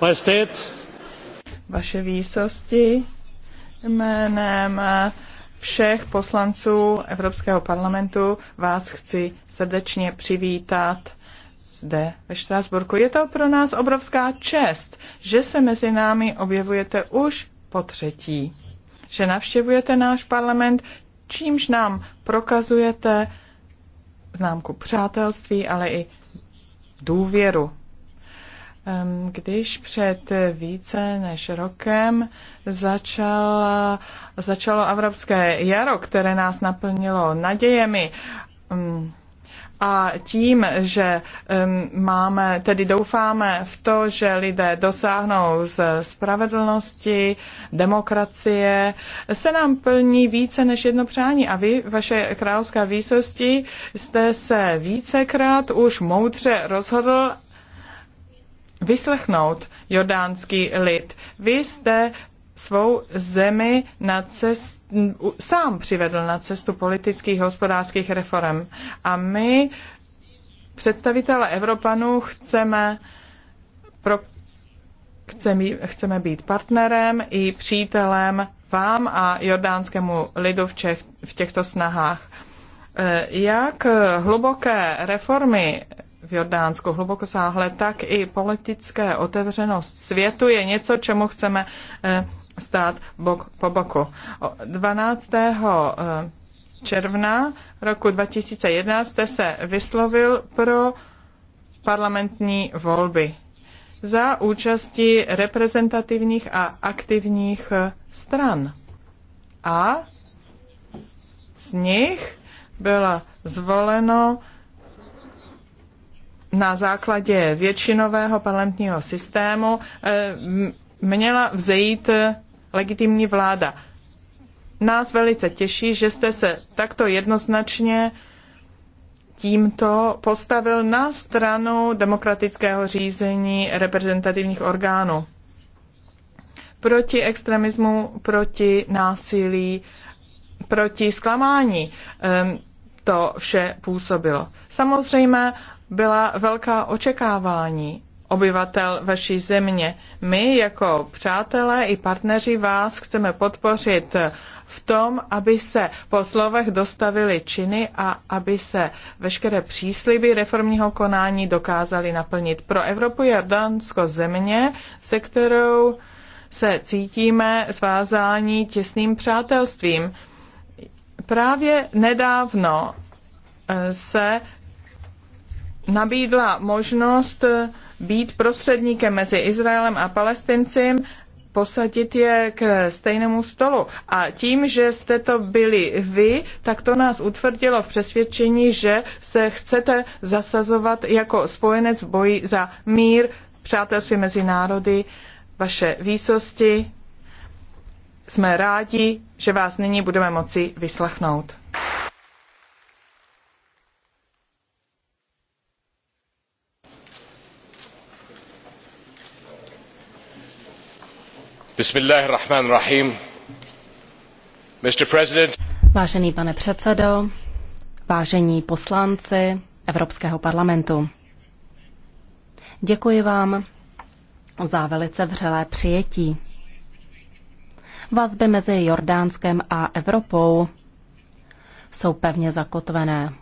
Majestät. Vaše výsosti, jménem všech poslanců Evropského parlamentu vás chci srdečně přivítat zde ve Štrásburku. Je to pro nás obrovská čest, že se mezi námi objevujete už po třetí, že navštěvujete náš parlament, čímž nám prokazujete známku přátelství, ale i důvěru když před více než rokem začala, začalo evropské jaro, které nás naplnilo nadějemi, a tím, že máme, tedy doufáme v to, že lidé dosáhnou z spravedlnosti, demokracie, se nám plní více než jedno přání. A vy, vaše královská výsosti, jste se vícekrát už moudře rozhodl vyslechnout jordánský lid. Vy jste svou zemi na cest, sám přivedl na cestu politických hospodářských reform. A my, představitelé Evropanů, chceme, pro, chceme, chceme být partnerem i přítelem vám a jordánskému lidu v, Čech, v těchto snahách. E, jak hluboké reformy v Jordánsku sáhle, tak i politické otevřenost světu je něco, čemu chceme eh, stát bok po boku. 12. Eh, června roku 2011 jste se vyslovil pro parlamentní volby za účasti reprezentativních a aktivních eh, stran. A z nich bylo zvoleno na základě většinového parlamentního systému eh, měla vzejít eh, legitimní vláda. Nás velice těší, že jste se takto jednoznačně tímto postavil na stranu demokratického řízení reprezentativních orgánů. Proti extremismu, proti násilí, proti zklamání ehm, to vše působilo. Samozřejmě byla velká očekávání obyvatel vaší země. My jako přátelé i partneři vás chceme podpořit v tom, aby se po slovech dostavily činy a aby se veškeré přísliby reformního konání dokázaly naplnit. Pro Evropu je Jordánsko země, se kterou se cítíme svázání těsným přátelstvím. Právě nedávno se nabídla možnost eh, být prostředníkem mezi Izraelem a Palestincem, posadit je k stejnému stolu. A tím, že jste to byli vy, tak to nás utvrdilo v přesvědčení, že se chcete zasazovat jako spojenec v boji za mír, přátelství mezi národy, vaše výsosti. Jsme rádi, že vás nyní budeme moci vyslechnout. Vážený pane předsedo, vážení poslanci Evropského parlamentu, děkuji vám za velice vřelé přijetí. Vazby mezi Jordánskem a Evropou jsou pevně zakotvené.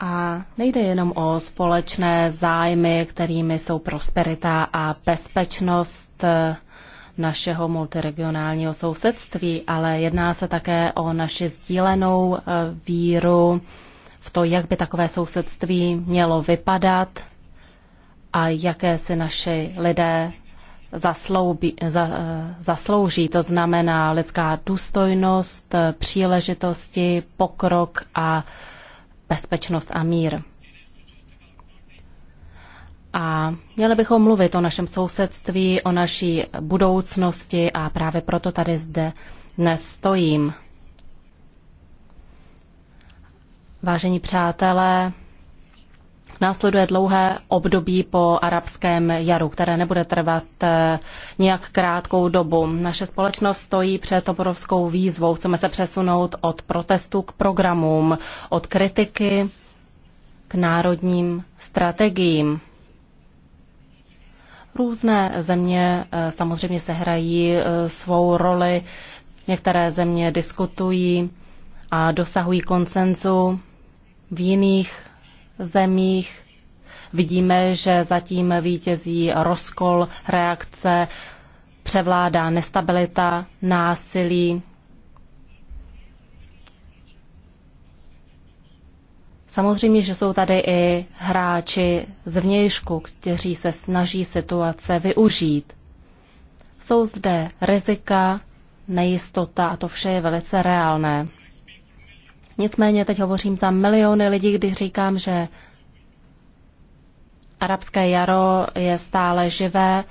A nejde jenom o společné zájmy, kterými jsou prosperita a bezpečnost eh, našeho multiregionálního sousedství, ale jedná se také o naši sdílenou eh, víru v to, jak by takové sousedství mělo vypadat a jaké si naši lidé zasloubí, za, eh, zaslouží. To znamená lidská důstojnost, příležitosti, pokrok a bezpečnost a mír. A měli bychom mluvit o našem sousedství, o naší budoucnosti a právě proto tady zde dnes stojím. Vážení přátelé, Následuje dlouhé období po arabském jaru, které nebude trvat eh, nějak krátkou dobu. Naše společnost stojí před obrovskou výzvou. Chceme se přesunout od protestu k programům, od kritiky k národním strategiím. Různé země eh, samozřejmě sehrají eh, svou roli. Některé země diskutují a dosahují koncenzu. V jiných zemích. Vidíme, že zatím vítězí rozkol, reakce, převládá nestabilita, násilí. Samozřejmě, že jsou tady i hráči z vnějšku, kteří se snaží situace využít. Jsou zde rizika, nejistota a to vše je velice reálné. Nicméně teď hovořím za miliony lidí, když říkám, že arabské jaro je stále živé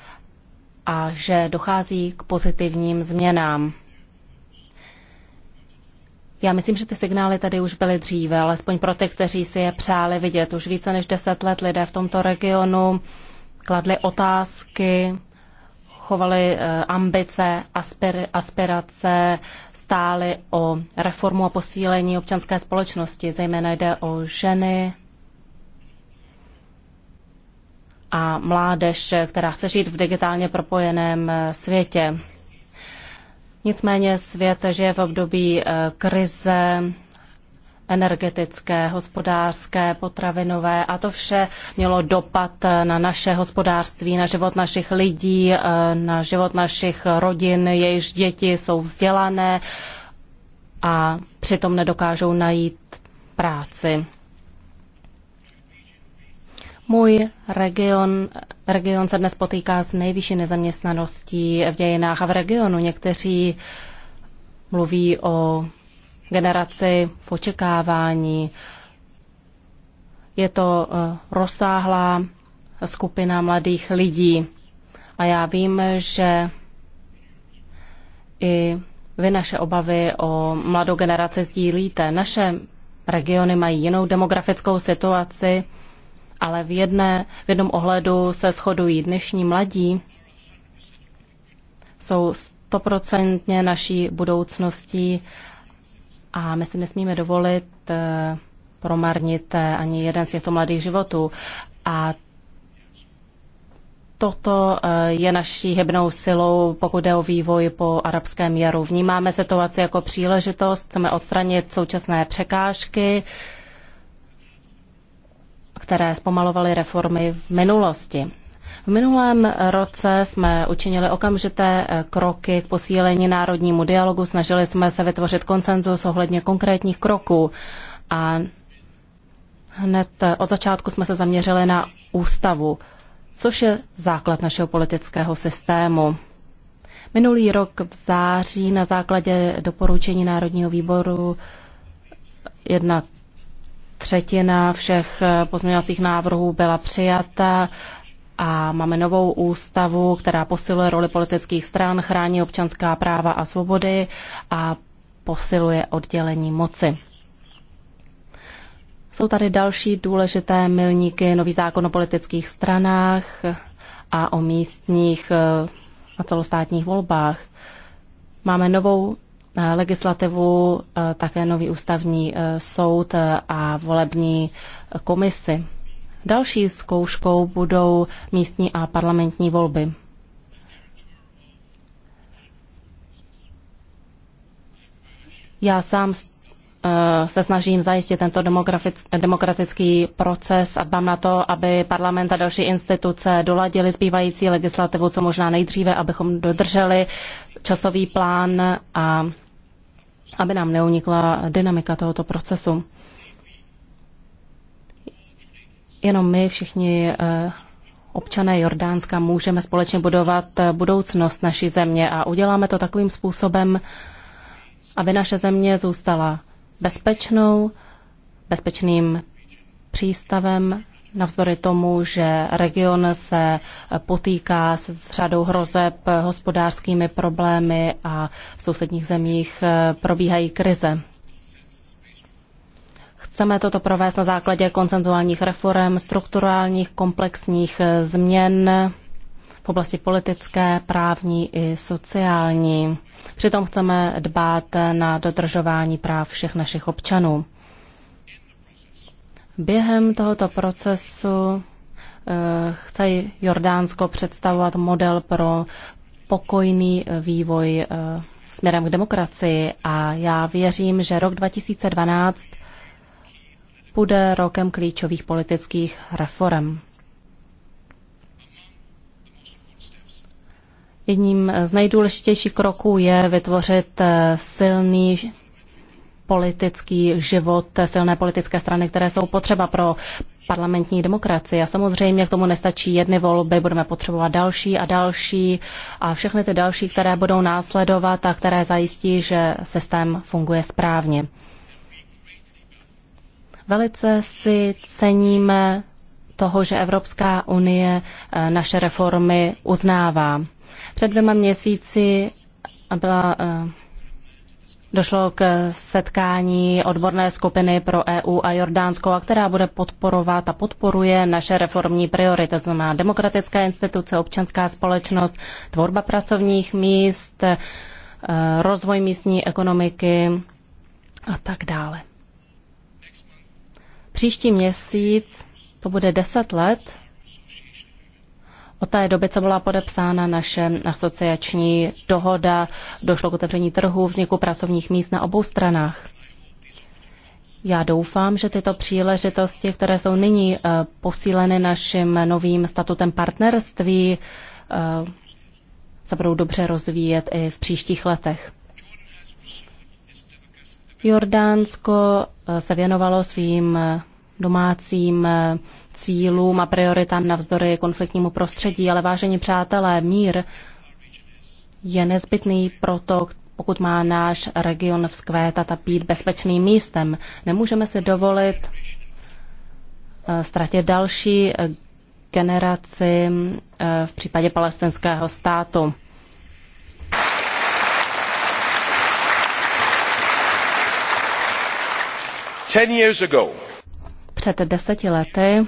a že dochází k pozitivním změnám. Já myslím, že ty signály tady už byly dříve, alespoň pro ty, kteří si je přáli vidět. Už více než deset let lidé v tomto regionu kladli otázky, chovali eh, ambice, aspirace, stály o reformu a posílení občanské společnosti. Zejména jde o ženy a mládež, která chce žít v digitálně propojeném eh, světě. Nicméně svět žije v období eh, krize, energetické, hospodářské, potravinové a to vše mělo dopad na naše hospodářství, na život našich lidí, eh, na život našich rodin, jejichž děti jsou vzdělané a přitom nedokážou najít práci. Můj region, region se dnes potýká s nejvyšší nezaměstnaností v dějinách a v regionu někteří mluví o generaci v očekávání. Je to eh, rozsáhlá skupina mladých lidí a já vím, že i vy naše obavy o mladou generaci sdílíte. Naše regiony mají jinou demografickou situaci, ale v, jedné, v jednom ohledu se shodují dnešní mladí, jsou stoprocentně naší budoucností a my si nesmíme dovolit eh, promarnit eh, ani jeden z těchto mladých životů. A toto eh, je naší hebnou silou, pokud jde o vývoj po arabském jaru. Vnímáme situaci jako příležitost, chceme odstranit současné překážky, které zpomalovaly reformy v minulosti. V minulém roce jsme učinili okamžité eh, kroky k posílení národnímu dialogu, snažili jsme se vytvořit konsenzus ohledně konkrétních kroků a hned eh, od začátku jsme se zaměřili na ústavu, což je základ našeho politického systému. Minulý rok v září na základě doporučení Národního výboru jedna třetina všech eh, pozměňovacích návrhů byla přijata a máme novou ústavu, která posiluje roli politických stran, chrání občanská práva a svobody a posiluje oddělení moci. Jsou tady další důležité milníky, nový zákon o politických stranách a o místních eh, a celostátních volbách. Máme novou eh, legislativu, eh, také nový ústavní soud a volební komisi. Další zkouškou budou místní a parlamentní volby. Já sám eh, se snažím zajistit tento demokratický proces a dbám na to, aby parlament a další instituce doladili zbývající legislativu co možná nejdříve, abychom dodrželi časový plán a aby nám neunikla dynamika tohoto procesu. jenom my všichni eh, občané Jordánska můžeme společně budovat eh, budoucnost naší země a uděláme to takovým způsobem, aby naše země zůstala bezpečnou, bezpečným přístavem, navzdory tomu, že region se eh, potýká s řadou hrozeb, hospodářskými problémy a v sousedních zemích probíhají krize. Chceme toto provést na základě koncenzuálních reform, strukturálních komplexních eh, změn v oblasti politické, právní i sociální. Přitom chceme dbát na dodržování práv všech našich občanů. Během tohoto procesu eh, chce Jordánsko představovat model pro pokojný eh, vývoj směrem k demokracii a já věřím, že rok 2012 bude rokem klíčových politických reform. Jedním z nejdůležitějších kroků je vytvořit eh, silný politický život, eh, silné politické strany, které jsou potřeba pro parlamentní demokracii. A samozřejmě k tomu nestačí jedny volby, budeme potřebovat další a další a všechny ty další, které budou následovat a které zajistí, že systém funguje správně. Velice si ceníme toho, že Evropská unie eh, naše reformy uznává. Před dvěma měsíci byla eh, Došlo k setkání odborné skupiny pro EU a Jordánsko, a která bude podporovat a podporuje naše reformní priority, to znamená demokratická instituce, občanská společnost, tvorba pracovních míst, eh, rozvoj místní ekonomiky a tak dále. Příští měsíc to bude 10 let od té doby, co byla podepsána naše asociační dohoda, došlo k otevření trhu, vzniku pracovních míst na obou stranách. Já doufám, že tyto příležitosti, které jsou nyní eh, posíleny naším novým statutem partnerství, eh, se budou dobře rozvíjet i v příštích letech. Jordánsko eh, se věnovalo svým eh, domácím eh, cílům a prioritám navzdory konfliktnímu prostředí, ale vážení přátelé, mír je nezbytný proto, pokud má náš region vzkvétat a být bezpečným místem. Nemůžeme si dovolit ztratit další generaci v případě palestinského státu. Před deseti lety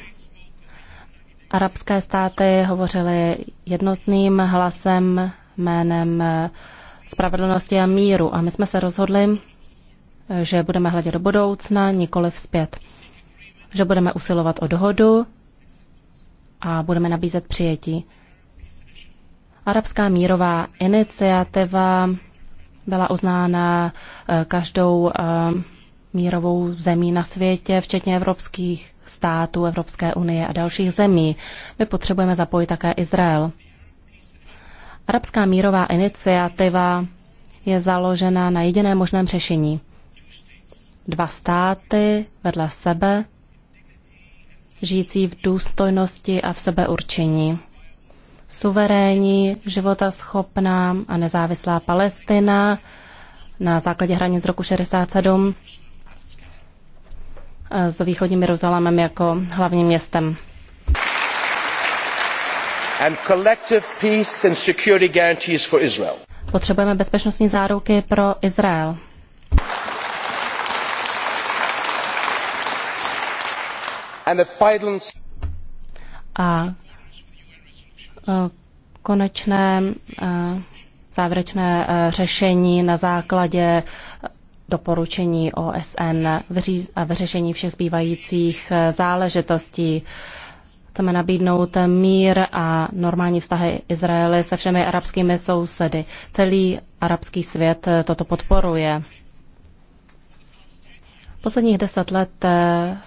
arabské státy hovořily jednotným hlasem jménem eh, spravedlnosti a míru. A my jsme se rozhodli, eh, že budeme hledět do budoucna, nikoli vzpět. Že budeme usilovat o dohodu a budeme nabízet přijetí. Arabská mírová iniciativa byla uznána eh, každou mírovou zemí na světě, včetně evropských států, Evropské unie a dalších zemí. My potřebujeme zapojit také Izrael. Arabská mírová iniciativa je založena na jediném možném řešení. Dva státy vedle sebe, žijící v důstojnosti a v sebeurčení. Suverénní, schopná a nezávislá Palestina na základě hranic roku 67 s východním Jeruzalémem jako hlavním městem. And collective peace and security guarantees for Israel. Potřebujeme bezpečnostní záruky pro Izrael. And the final... a, a e, konečné a, e, závěrečné e, řešení na základě doporučení OSN a vyřešení všech zbývajících eh, záležitostí. Chceme nabídnout mír a normální vztahy Izraele se všemi arabskými sousedy. Celý arabský svět eh, toto podporuje. Posledních deset let eh,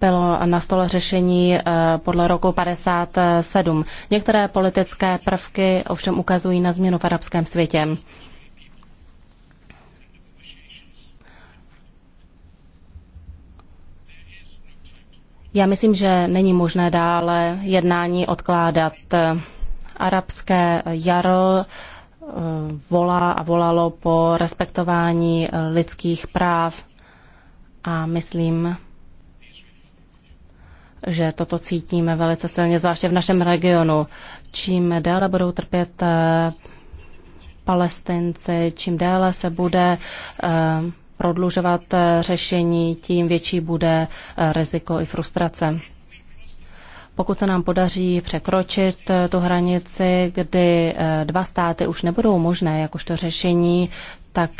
bylo na stole řešení podle roku 57. Některé politické prvky ovšem ukazují na změnu v arabském světě. Já myslím, že není možné dále jednání odkládat. Arabské jaro eh, volá a volalo po respektování eh, lidských práv a myslím, že toto cítíme velice silně, zvláště v našem regionu. Čím déle budou trpět eh, Palestinci, čím déle se bude prodlužovat eh, řešení, tím větší bude eh, riziko i frustrace. Pokud se nám podaří překročit eh, tu hranici, kdy dva státy už nebudou možné jakožto řešení, tak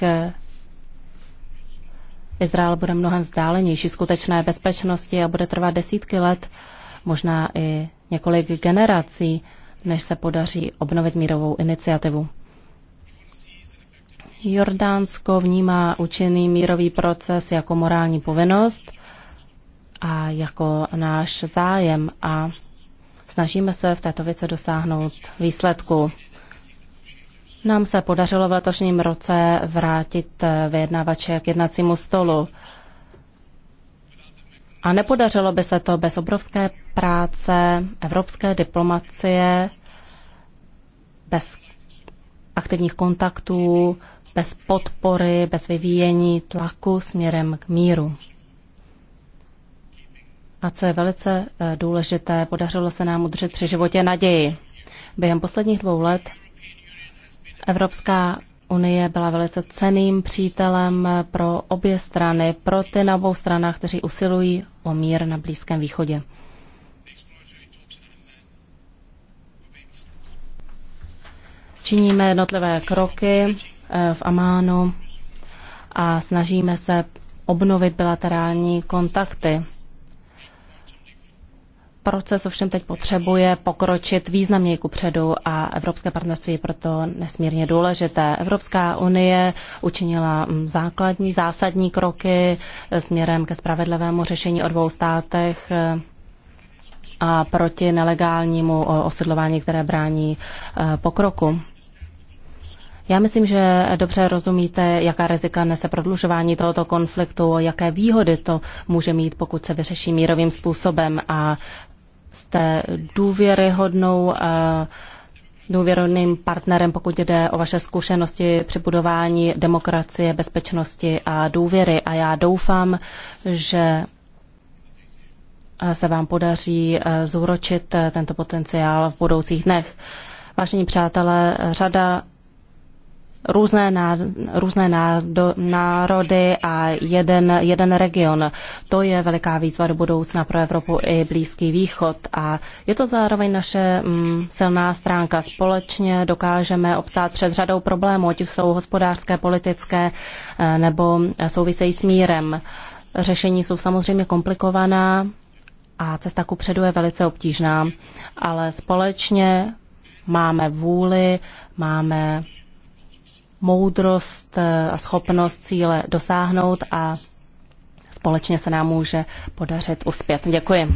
Izrael bude mnohem vzdálenější skutečné bezpečnosti a bude trvat desítky let, možná i několik generací, než se podaří obnovit mírovou iniciativu. Jordánsko vnímá učený mírový proces jako morální povinnost a jako náš zájem a snažíme se v této věci dosáhnout výsledku. Nám se podařilo v letošním roce vrátit vyjednavače k jednacímu stolu. A nepodařilo by se to bez obrovské práce evropské diplomacie, bez aktivních kontaktů, bez podpory, bez vyvíjení tlaku směrem k míru. A co je velice eh, důležité, podařilo se nám udržet při životě naději. Během posledních dvou let Evropská unie byla velice ceným přítelem pro obě strany, pro ty na obou stranách, kteří usilují o mír na Blízkém východě. Činíme jednotlivé kroky v Amánu a snažíme se obnovit bilaterální kontakty. Proces ovšem teď potřebuje pokročit významněji ku předu a Evropské partnerství je proto nesmírně důležité. Evropská unie učinila mm, základní, zásadní kroky směrem ke spravedlivému řešení o dvou státech eh, a proti nelegálnímu osidlování, které brání eh, pokroku. Já myslím, že dobře rozumíte, jaká rizika nese prodlužování tohoto konfliktu, jaké výhody to může mít, pokud se vyřeší mírovým způsobem a jste důvěryhodnou eh, důvěrným partnerem, pokud jde o vaše zkušenosti při budování demokracie, bezpečnosti a důvěry. A já doufám, že se vám podaří eh, zúročit eh, tento potenciál v budoucích dnech. Vážení přátelé, řada různé, ná, různé do, národy a jeden, jeden region. To je veliká výzva do budoucna pro Evropu i Blízký východ a je to zároveň naše mm, silná stránka. Společně dokážeme obstát před řadou problémů, ať jsou hospodářské, politické eh, nebo souvisejí s mírem. Řešení jsou samozřejmě komplikovaná a cesta ku předu je velice obtížná, ale společně máme vůli, máme moudrost eh, a schopnost cíle dosáhnout a společně se nám může podařit uspět. Děkuji.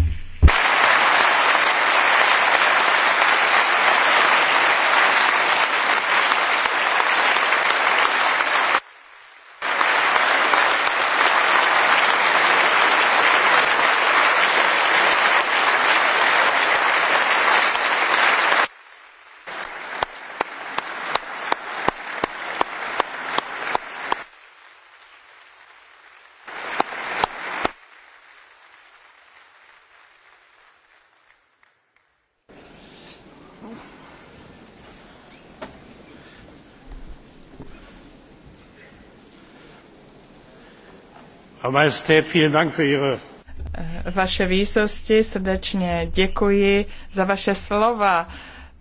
Vaše výsosti srdečně děkuji za vaše slova.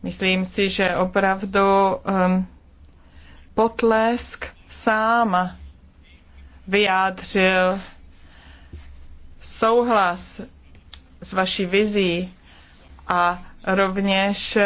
Myslím si, že opravdu um, potlesk sám vyjádřil souhlas s vaší vizí a rovněž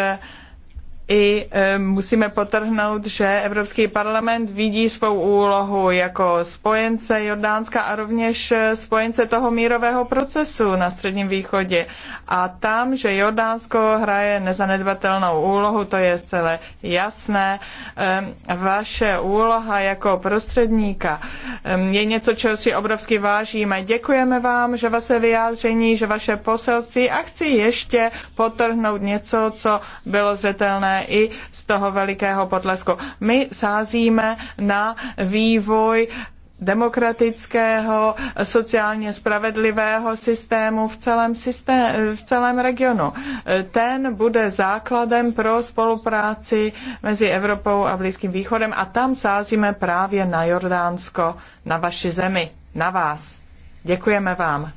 i e, musíme potrhnout, že Evropský parlament vidí svou úlohu jako spojence Jordánska a rovněž e, spojence toho mírového procesu na Středním východě. A tam, že Jordánsko hraje nezanedbatelnou úlohu, to je celé jasné. E, vaše úloha jako prostředníka je něco, čeho si obrovsky vážíme. Děkujeme vám, že vaše vyjádření, že vaše poselství a chci ještě potrhnout něco, co bylo zřetelné i z toho velikého potlesku. My sázíme na vývoj demokratického, sociálně spravedlivého systému v celém, systém, v celém regionu. Ten bude základem pro spolupráci mezi Evropou a Blízkým východem a tam sázíme právě na Jordánsko, na vaši zemi, na vás. Děkujeme vám.